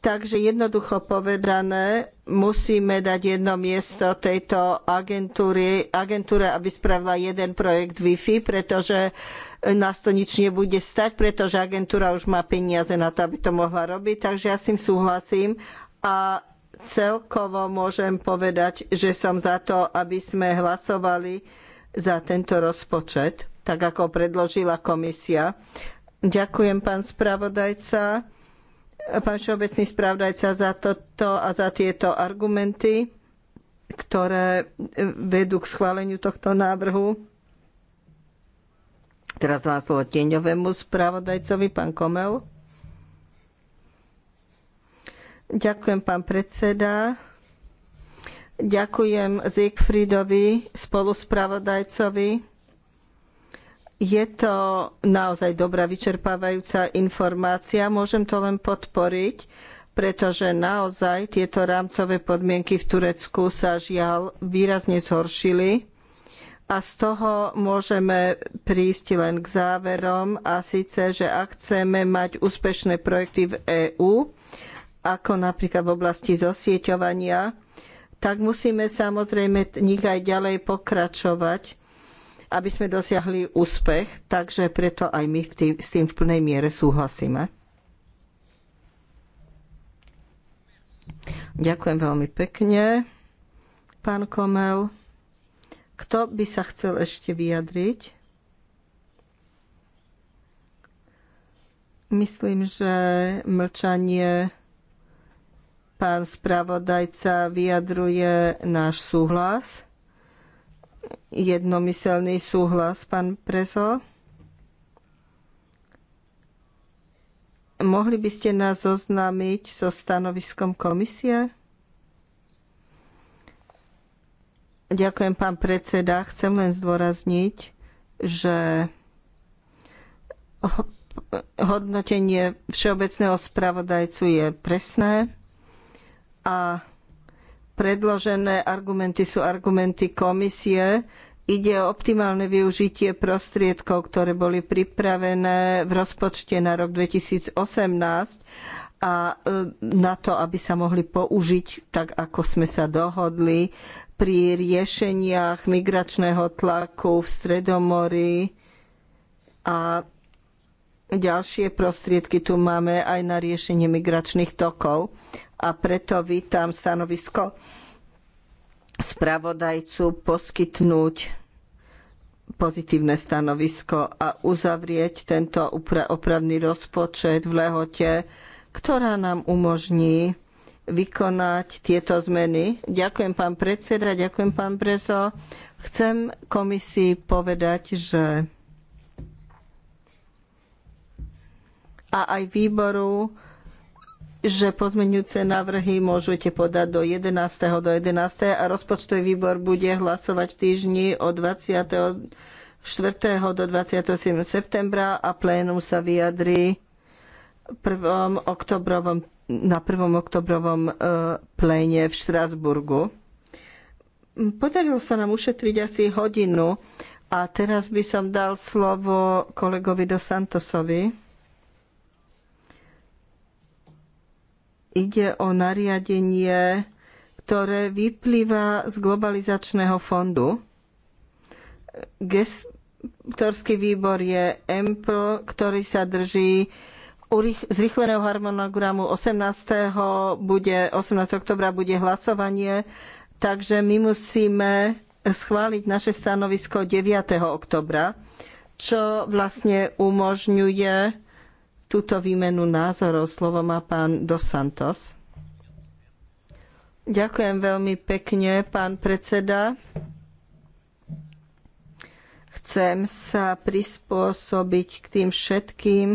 Takže jednoducho povedané, musíme dať jedno miesto tejto agentúry, agentúre, aby spravila jeden projekt Wi-Fi, pretože nás to nič nebude stať, pretože agentúra už má peniaze na to, aby to mohla robiť. Takže ja s tým súhlasím a celkovo môžem povedať, že som za to, aby sme hlasovali za tento rozpočet, tak ako predložila komisia. Ďakujem, pán spravodajca pán všeobecný spravodajca, za toto a za tieto argumenty, ktoré vedú k schváleniu tohto návrhu. Teraz dám slovo tieňovému spravodajcovi, pán Komel. Ďakujem, pán predseda. Ďakujem Siegfriedovi, spoluspravodajcovi je to naozaj dobrá, vyčerpávajúca informácia. Môžem to len podporiť, pretože naozaj tieto rámcové podmienky v Turecku sa žiaľ výrazne zhoršili. A z toho môžeme prísť len k záverom a síce, že ak chceme mať úspešné projekty v EÚ, ako napríklad v oblasti zosieťovania, tak musíme samozrejme nich aj ďalej pokračovať aby sme dosiahli úspech, takže preto aj my tým, s tým v plnej miere súhlasíme. Ďakujem veľmi pekne, pán Komel. Kto by sa chcel ešte vyjadriť? Myslím, že mlčanie pán spravodajca vyjadruje náš súhlas jednomyselný súhlas, pán Prezo. Mohli by ste nás zoznámiť so stanoviskom komisie? Ďakujem, pán predseda. Chcem len zdôrazniť, že hodnotenie všeobecného spravodajcu je presné a predložené argumenty sú argumenty komisie. Ide o optimálne využitie prostriedkov, ktoré boli pripravené v rozpočte na rok 2018 a e, na to, aby sa mohli použiť tak, ako sme sa dohodli pri riešeniach migračného tlaku v Stredomori a ďalšie prostriedky tu máme aj na riešenie migračných tokov a preto vítam stanovisko spravodajcu poskytnúť pozitívne stanovisko a uzavrieť tento opravný rozpočet v lehote, ktorá nám umožní vykonať tieto zmeny. Ďakujem pán predseda, ďakujem pán Brezo. Chcem komisii povedať, že a aj výboru že pozmeňujúce návrhy môžete podať do 11. do 11. a rozpočtový výbor bude hlasovať v týždni od 24. do 27. septembra a plénum sa vyjadrí prvom oktobrovom, na prvom oktobrovom e, pléne v Štrasburgu. Podarilo sa nám ušetriť asi hodinu a teraz by som dal slovo kolegovi do Santosovi. Ide o nariadenie, ktoré vyplýva z globalizačného fondu. Gestorský výbor je EMPL, ktorý sa drží zrýchleného harmonogramu 18. Bude, 18. oktobra bude hlasovanie, takže my musíme schváliť naše stanovisko 9. oktobra, čo vlastne umožňuje túto výmenu názorov. Slovo má pán Dos Santos. Ďakujem veľmi pekne, pán predseda. Chcem sa prispôsobiť k tým všetkým,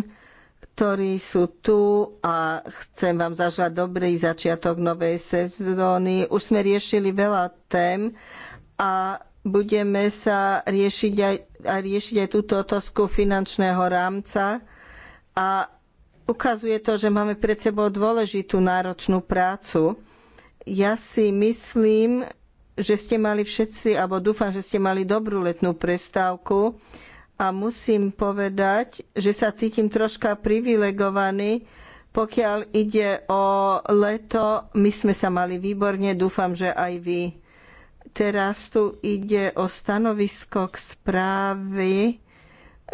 ktorí sú tu a chcem vám zažať dobrý začiatok novej sezóny. Už sme riešili veľa tém a budeme sa riešiť aj, aj riešiť aj túto otázku finančného rámca a ukazuje to, že máme pred sebou dôležitú náročnú prácu. Ja si myslím, že ste mali všetci, alebo dúfam, že ste mali dobrú letnú prestávku a musím povedať, že sa cítim troška privilegovaný, pokiaľ ide o leto, my sme sa mali výborne, dúfam, že aj vy. Teraz tu ide o stanovisko k správy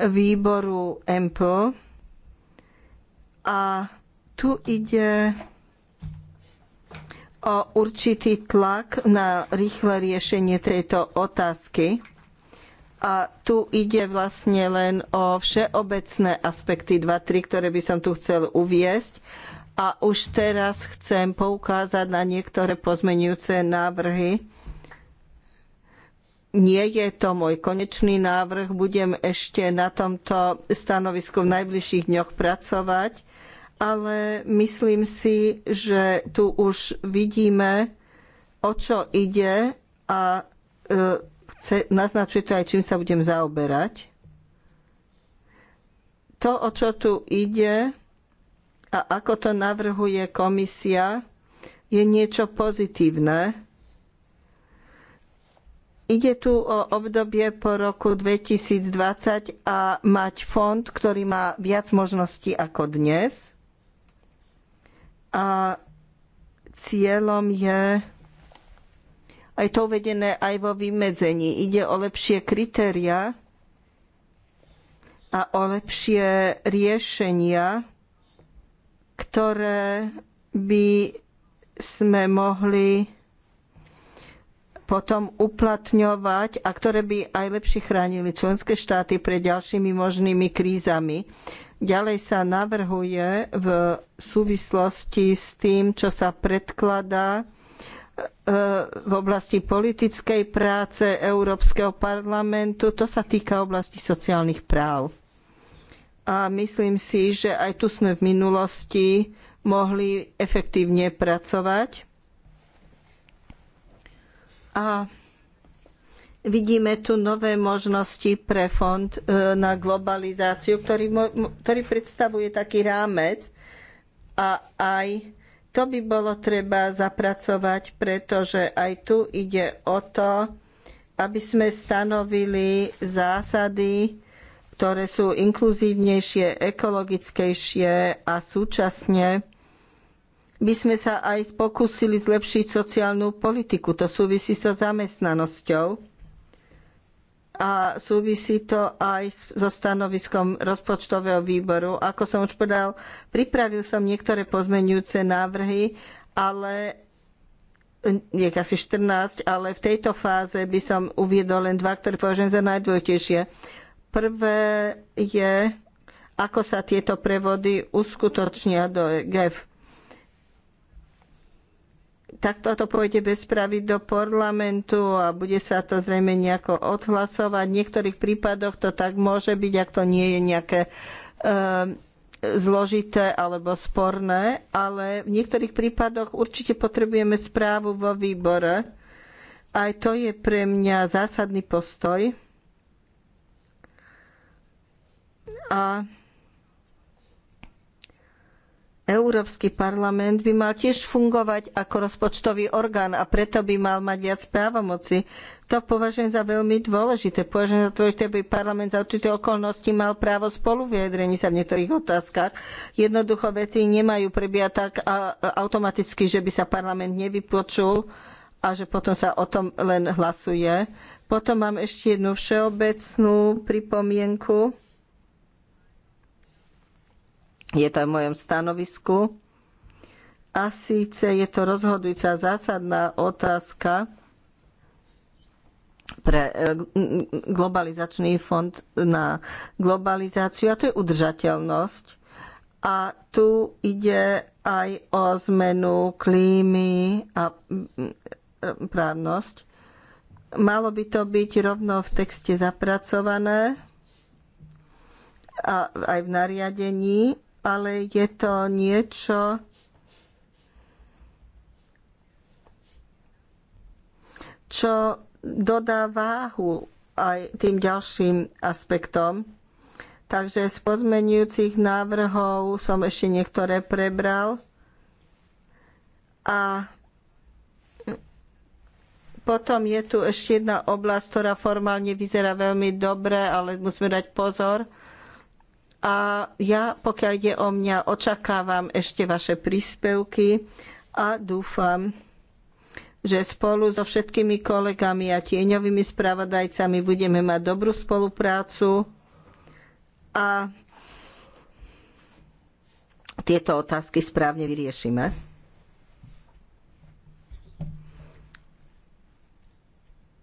výboru EMPL a tu ide o určitý tlak na rýchle riešenie tejto otázky. A tu ide vlastne len o všeobecné aspekty 2.3, ktoré by som tu chcel uviesť. A už teraz chcem poukázať na niektoré pozmenujúce návrhy. Nie je to môj konečný návrh, budem ešte na tomto stanovisku v najbližších dňoch pracovať ale myslím si, že tu už vidíme, o čo ide a e, chce, naznačuje to aj, čím sa budem zaoberať. To, o čo tu ide a ako to navrhuje komisia, je niečo pozitívne. Ide tu o obdobie po roku 2020 a mať fond, ktorý má viac možností ako dnes a cieľom je aj to uvedené aj vo vymedzení. Ide o lepšie kritéria a o lepšie riešenia, ktoré by sme mohli potom uplatňovať a ktoré by aj lepšie chránili členské štáty pred ďalšími možnými krízami. Ďalej sa navrhuje v súvislosti s tým, čo sa predkladá e, v oblasti politickej práce Európskeho parlamentu. To sa týka oblasti sociálnych práv. A myslím si, že aj tu sme v minulosti mohli efektívne pracovať a vidíme tu nové možnosti pre fond e, na globalizáciu, ktorý, ktorý predstavuje taký rámec a aj to by bolo treba zapracovať, pretože aj tu ide o to, aby sme stanovili zásady, ktoré sú inkluzívnejšie, ekologickejšie a súčasne by sme sa aj pokúsili zlepšiť sociálnu politiku. To súvisí so zamestnanosťou a súvisí to aj so stanoviskom rozpočtového výboru. Ako som už povedal, pripravil som niektoré pozmenujúce návrhy, ale je asi 14, ale v tejto fáze by som uviedol len dva, ktoré považujem za najdôležitejšie. Prvé je, ako sa tieto prevody uskutočnia do GEF tak toto pôjde bez praví do parlamentu a bude sa to zrejme nejako odhlasovať. V niektorých prípadoch to tak môže byť, ak to nie je nejaké e, zložité alebo sporné, ale v niektorých prípadoch určite potrebujeme správu vo výbore. Aj to je pre mňa zásadný postoj. A Európsky parlament by mal tiež fungovať ako rozpočtový orgán a preto by mal mať viac právomoci. To považujem za veľmi dôležité. Považujem za dôležité, aby parlament za určité okolnosti mal právo spoluviedrení sa v niektorých otázkach. Jednoducho veci nemajú prebiehať tak automaticky, že by sa parlament nevypočul a že potom sa o tom len hlasuje. Potom mám ešte jednu všeobecnú pripomienku je to aj v mojom stanovisku. A síce je to rozhodujúca zásadná otázka pre e, globalizačný fond na globalizáciu a to je udržateľnosť. A tu ide aj o zmenu klímy a e, právnosť. Malo by to byť rovno v texte zapracované a aj v nariadení ale je to niečo, čo dodá váhu aj tým ďalším aspektom. Takže z pozmenujúcich návrhov som ešte niektoré prebral a potom je tu ešte jedna oblasť, ktorá formálne vyzerá veľmi dobre, ale musíme dať pozor. A ja, pokiaľ ide o mňa, očakávam ešte vaše príspevky a dúfam, že spolu so všetkými kolegami a tieňovými spravodajcami budeme mať dobrú spoluprácu a tieto otázky správne vyriešime.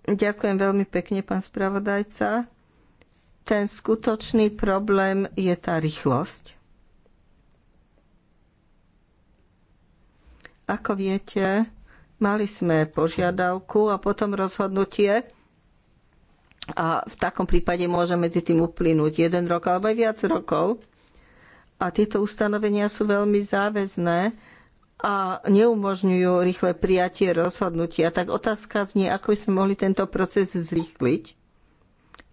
Ďakujem veľmi pekne, pán spravodajca ten skutočný problém je tá rýchlosť. Ako viete, mali sme požiadavku a potom rozhodnutie a v takom prípade môže medzi tým uplynúť jeden rok alebo aj viac rokov. A tieto ustanovenia sú veľmi záväzné a neumožňujú rýchle prijatie rozhodnutia. Tak otázka znie, ako by sme mohli tento proces zrýchliť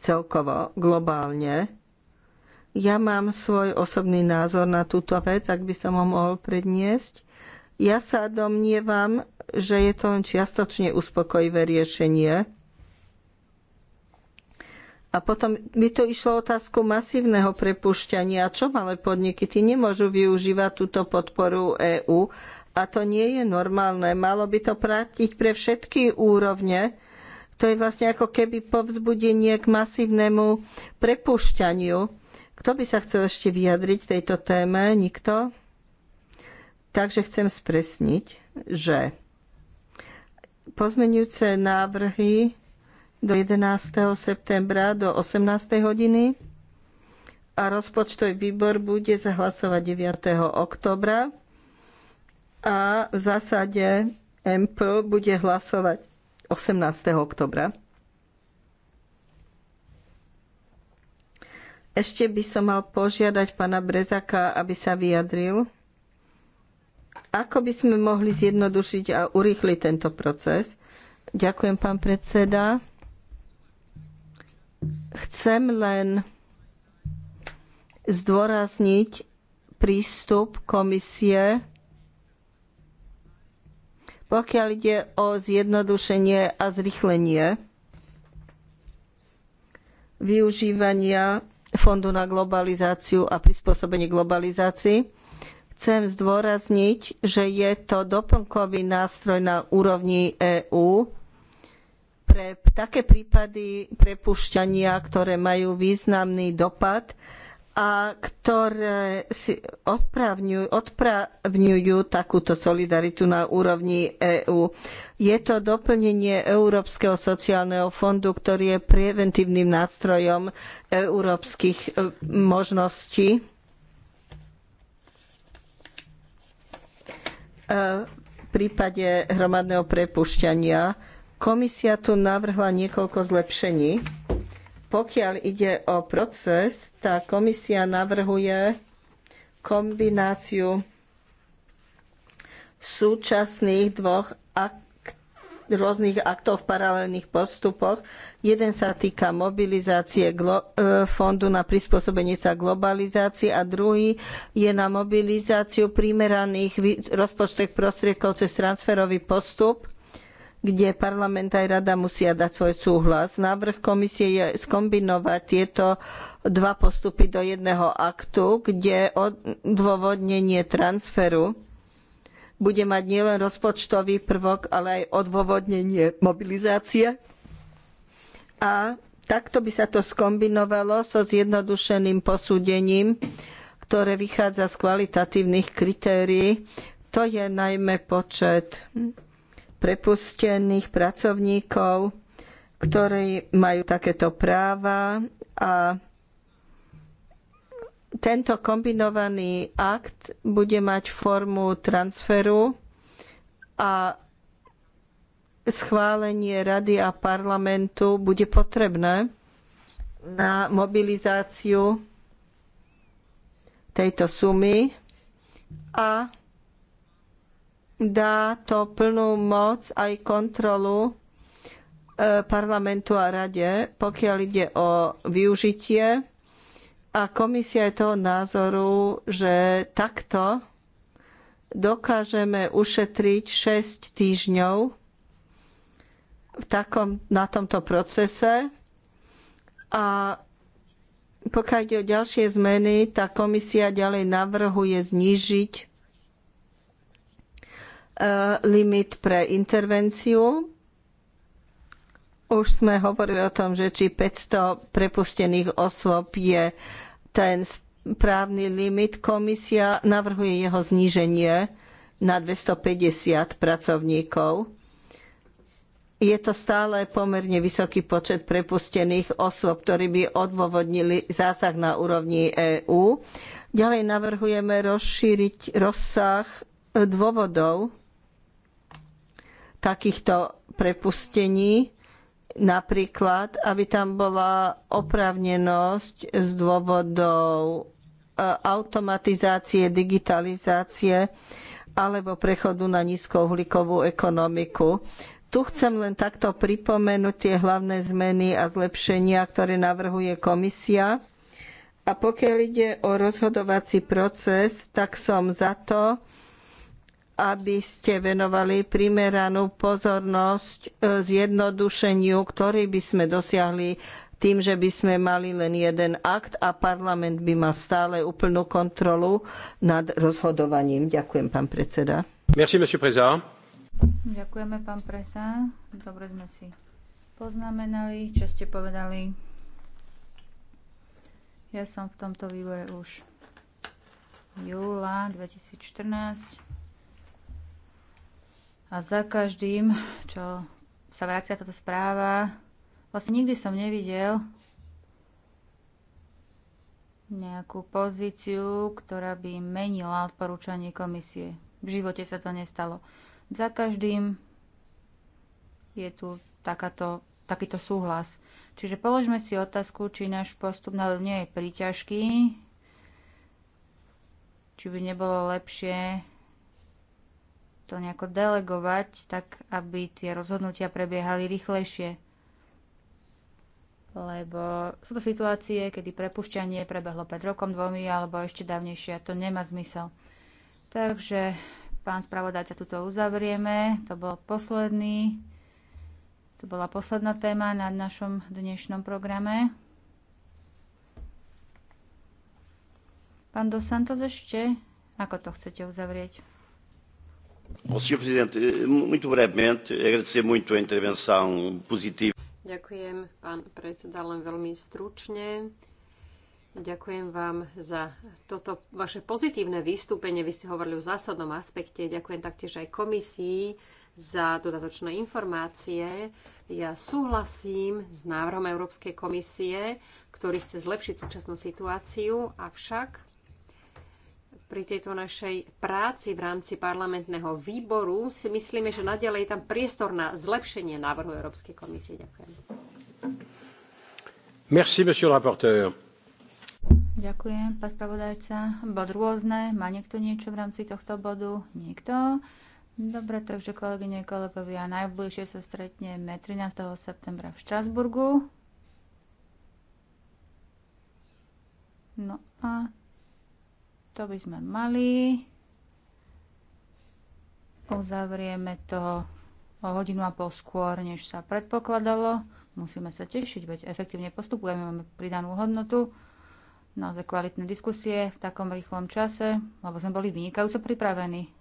celkovo, globálne. Ja mám svoj osobný názor na túto vec, ak by som ho mohol predniesť. Ja sa domnievam, že je to len čiastočne uspokojivé riešenie. A potom by to išlo otázku masívneho prepušťania. Čo malé podniky? Tí nemôžu využívať túto podporu EÚ. A to nie je normálne. Malo by to pratiť pre všetky úrovne to je vlastne ako keby povzbudenie k masívnemu prepušťaniu. Kto by sa chcel ešte vyjadriť tejto téme? Nikto? Takže chcem spresniť, že pozmenujúce návrhy do 11. septembra do 18. hodiny a rozpočtový výbor bude zahlasovať 9. oktobra a v zásade MPL bude hlasovať 18. oktobra. Ešte by som mal požiadať pána Brezaka, aby sa vyjadril. Ako by sme mohli zjednodušiť a urýchliť tento proces? Ďakujem, pán predseda. Chcem len zdôrazniť prístup komisie pokiaľ ide o zjednodušenie a zrychlenie využívania Fondu na globalizáciu a prispôsobenie globalizácii, chcem zdôrazniť, že je to doplnkový nástroj na úrovni EÚ pre také prípady prepušťania, ktoré majú významný dopad a ktoré si odpravňujú, odpravňujú takúto solidaritu na úrovni EÚ. Je to doplnenie Európskeho sociálneho fondu, ktorý je preventívnym nástrojom európskych e, možností. E, v prípade hromadného prepušťania komisia tu navrhla niekoľko zlepšení pokiaľ ide o proces, tá komisia navrhuje kombináciu súčasných dvoch rôznych aktov v paralelných postupoch. Jeden sa týka mobilizácie e, fondu na prispôsobenie sa globalizácii a druhý je na mobilizáciu primeraných rozpočtových prostriedkov cez transferový postup kde parlament aj rada musia dať svoj súhlas. Návrh komisie je skombinovať tieto dva postupy do jedného aktu, kde odôvodnenie transferu bude mať nielen rozpočtový prvok, ale aj odôvodnenie mobilizácie. A takto by sa to skombinovalo so zjednodušeným posúdením, ktoré vychádza z kvalitatívnych kritérií. To je najmä počet prepustených pracovníkov, ktorí majú takéto práva a tento kombinovaný akt bude mať formu transferu a schválenie rady a parlamentu bude potrebné na mobilizáciu tejto sumy a dá to plnú moc aj kontrolu e, parlamentu a rade, pokiaľ ide o využitie. A komisia je toho názoru, že takto dokážeme ušetriť 6 týždňov v takom, na tomto procese. A pokiaľ ide o ďalšie zmeny, tá komisia ďalej navrhuje znížiť Eh, limit pre intervenciu. Už sme hovorili o tom, že či 500 prepustených osôb je ten správny limit. Komisia navrhuje jeho zníženie na 250 pracovníkov. Je to stále pomerne vysoký počet prepustených osôb, ktorí by odôvodnili zásah na úrovni EÚ. Ďalej navrhujeme rozšíriť rozsah dôvodov takýchto prepustení, napríklad, aby tam bola oprávnenosť z dôvodov e, automatizácie, digitalizácie alebo prechodu na nízkouhlíkovú ekonomiku. Tu chcem len takto pripomenúť tie hlavné zmeny a zlepšenia, ktoré navrhuje komisia. A pokiaľ ide o rozhodovací proces, tak som za to, aby ste venovali primeranú pozornosť e, zjednodušeniu, ktorý by sme dosiahli tým, že by sme mali len jeden akt a parlament by mal stále úplnú kontrolu nad rozhodovaním. Ďakujem, pán predseda. Merci, monsieur Preza. Ďakujeme, pán presa. Dobre sme si poznamenali, čo ste povedali. Ja som v tomto výbore už júla 2014 a za každým, čo sa vracia táto správa, vlastne nikdy som nevidel nejakú pozíciu, ktorá by menila odporúčanie komisie. V živote sa to nestalo. Za každým je tu takáto, takýto súhlas. Čiže položme si otázku, či náš postup na nie je príťažký, či by nebolo lepšie to nejako delegovať, tak aby tie rozhodnutia prebiehali rýchlejšie. Lebo sú to situácie, kedy prepušťanie prebehlo pred rokom, dvomi alebo ešte dávnejšie a to nemá zmysel. Takže, pán spravodajca, tuto uzavrieme. To bol posledný. To bola posledná téma na našom dnešnom programe. Pán Dos Santos ešte? Ako to chcete uzavrieť? Sr. Presidente, muito brevemente, agradecer muito a intervenção positiva. Ďakujem, pán predseda, len veľmi stručne. Ďakujem vám za toto vaše pozitívne vystúpenie. Vy ste hovorili o zásadnom aspekte. Ďakujem taktiež aj komisii za dodatočné informácie. Ja súhlasím s návrhom Európskej komisie, ktorý chce zlepšiť súčasnú situáciu, avšak pri tejto našej práci v rámci parlamentného výboru si myslíme, že naďalej je tam priestor na zlepšenie návrhu Európskej komisie. Ďakujem. Merci, monsieur le rapporteur. Ďakujem, pán spravodajca. Bod rôzne. Má niekto niečo v rámci tohto bodu? Niekto? Dobre, takže kolegyne, kolegovia, najbližšie sa stretneme 13. septembra v Štrasburgu. No a to by sme mali. Uzavrieme to o hodinu a pol skôr, než sa predpokladalo. Musíme sa tešiť, veď efektívne postupujeme, máme pridanú hodnotu, naozaj kvalitné diskusie v takom rýchlom čase, lebo sme boli vynikajúco pripravení.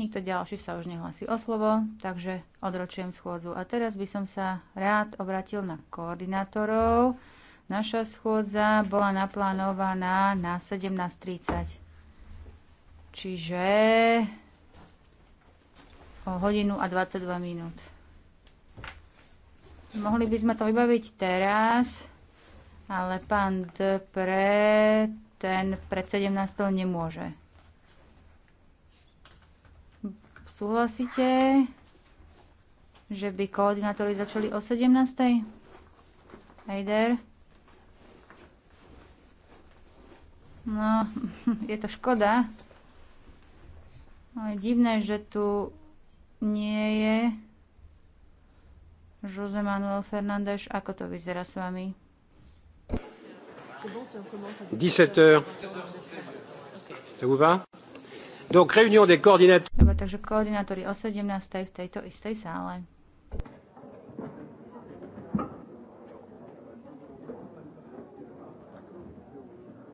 Nikto ďalší sa už nehlasí o slovo, takže odročujem schôdzu. A teraz by som sa rád obratil na koordinátorov. Naša schôdza bola naplánovaná na 17.30. Čiže o hodinu a 22 minút. Mohli by sme to vybaviť teraz, ale pán pre ten pred 17. nemôže. Súhlasíte, že by koordinátori začali o 17. Ejder? No, je to škoda, ale no, divné, že tu nie je José Manuel Fernández. Ako to vyzerá s vami? 17h. Ça vous va? Donc réunion des coordinateurs. Dobre, takže koordinátori o 17. v tejto istej sále.